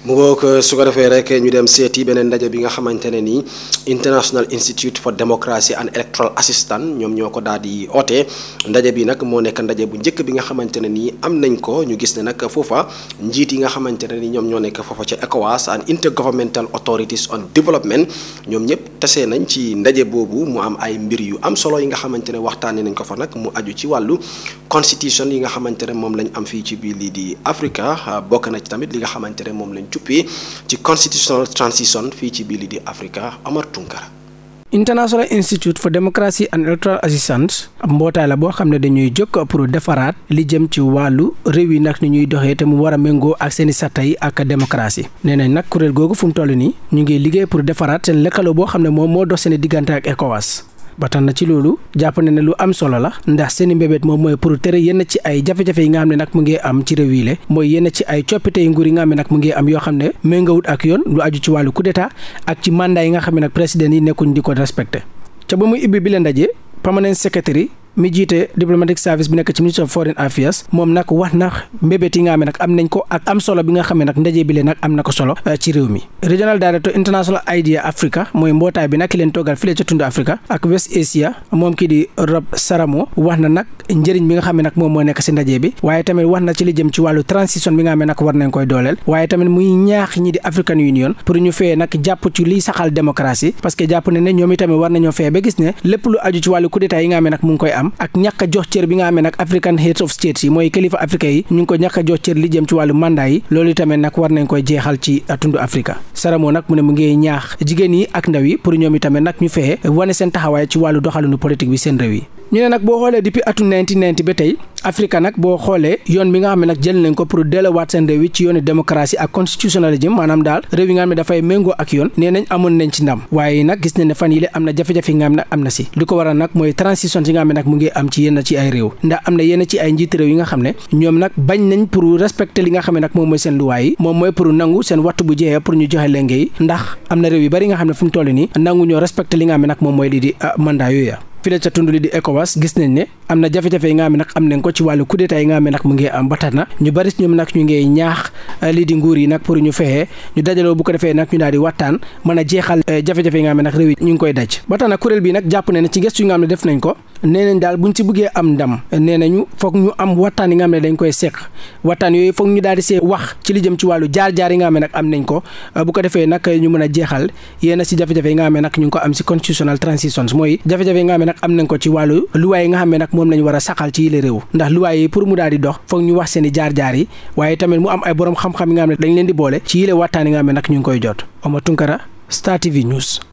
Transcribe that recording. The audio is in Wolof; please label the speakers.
Speaker 1: mu ngoog euh, su ko defee rek ñu dem seeti beneen ndaje bi nga xamante ne nii International Institute for Democracy and Electoral Assistance ñoom ñoo ko daal di oote ndaje bi nag moo nekk ndaje bu njëkk bi nga xamante ne nii am nañ ko ñu gis ne foofa njiit yi nga xamante ne nii ñoom ñoo nekk foofa ca ECOWAS and Intergovernmental Authorities on Development ñoom ñëpp tasee nañ ci ndaje boobu mu am ay mbir yu am solo yi nga xamante ne waxtaanee nañ ko fa nag mu aju ci wàllu constitution yi nga xamante ne moom lañ am fii ci biir lii di Africa bokk na tamit li nga xamante ne moom lañ tuppee ci constitutional transition fii ci biir li di Africa Amar Tunkara
Speaker 2: International Institute for Democracy and Electoral Assistance ab mbootaay la boo xam ne dañuy jokk pour defaraat li jëm ci wàllu réew yi nag ni ñuy doxee te mu war a méngoo ak seen i satta yi ak démocratie nee nañ nag kuréel googu fu mu toll nii ñu ngi liggéey pour defaraat seen lëkkaloo boo xam ne moom moo dox seen diggante ak ECOWAS ba na ci loolu jàpp na ne lu am solo la ndax seen i moom mooy pour tere yenn ci ay jafe-jafe yi nga xam ne nag mu ngee am ci réew yi le mooy yenn ci ay coppite yi nguur yi nga xam ne nag mu ngi am yoo xam ne méngawut ak yoon lu aju ci wàllu coup d'état ak ci mandat yi nga xam ne nag président yi nekkuñ di ko respecté ca ba muy ibbi bi la ndaje permanent secretary mi jiite diplomatic service bi nekk ci ministry of foreign affairs moom nag wax na mbébét yi nga xam ne nag am nañ ko ak am solo bi nga xamee ne ndaje bi lee nag am na ko solo eh, ci réew mi regional director international idea africa mooy mbootaay bi nag ki leen toogal fii la ca tund africa ak west asia moom kii di rob saramo wax na nag njëriñ bi nga xam nag moom moo nekk si ndaje bi waaye tamit wax na ci li jëm ci wàllu transition bi nga xam ne nag war nañ koy dooleel mu a jox cër bi nga xam ne a jox cër li mu ne ñaax jigéen yi ak ndaw yi pour ñoom itamit nag ñu fexe wane seen taxawaay ci wàllu doxalinu politique bi seen réew yi ñu ne nag boo xoolee depuis atu 1990 ba tey Afrika nag boo xoolee yoon bi nga xam ne nag jël nañ ko pour delluwaat seen réew yi ci yoonu démocratie ak constitutionnalisme maanaam daal réew yi nga xam ne dafay nañ amoon nañ ci ndam nag gis nañ ne fan yi am na jafe-jafe yi nga xam ne am na si li ko waral nag mooy transition yi nga xam ne nag mu ngi am ci yenn ci ay réew ndax am na yenn ci ay njiit réew yi nga xam ne ñoom nag bañ nañ pour respecter li nga xam ne nag moom mooy seen luwaay yi moom mooy pour nangu seen wattu bu jeexee pour ñu joxe lenge yi ndax am na réew yu bari nga xam ne fu mu toll nii nangu ñoo respecter li nga xam ne nag moom mooy lii di ah, mandat yooya fii la ca tund li di gis nañ ne am na jafe-jafe yi nga am nañ ko ci wàllu coup d'état yi nga xam ne nag mu ngi am na ñu bari ñoom nag ñu ngi euh, pour ñu fexe ñu dajaloo bu ko defee nag ñu daal di waxtaan a jeexal euh, jafe-jafe yi nga ñu ngi koy daj ba tax na kuréel bi jàpp ne ne ci gëstu yi nga xam ko nee nañ daal buñ ci bëggee am ndam nee nañu foog ñu am waxtaan yi nga xam ne dañ koy seq waxtaan yooyu foog ñu daal di see wax ci li jëm ci wàllu jaar-jaar nga xam ne am nañ ko euh, bu ko defee nag ñu mën a jeexal yéena si jafe-jafe yi nga xam ne nag ñu ngi ko am si constitutional transitions mooy jafe-jafe yi nga xam ne nag am nañ ko ci wàllu luwaay yi nga xam ne nag moom lañ war a saxal ci yile réew ndax luwaay yi pour mu daal di dox foog ñu wax seen i jaar-jaar yi waaye tamit mu am ay borom xam-xam yi nga leen di boole ci yile waxtaan yi nga xam ñu koy jot Omar Tunkara Star TV News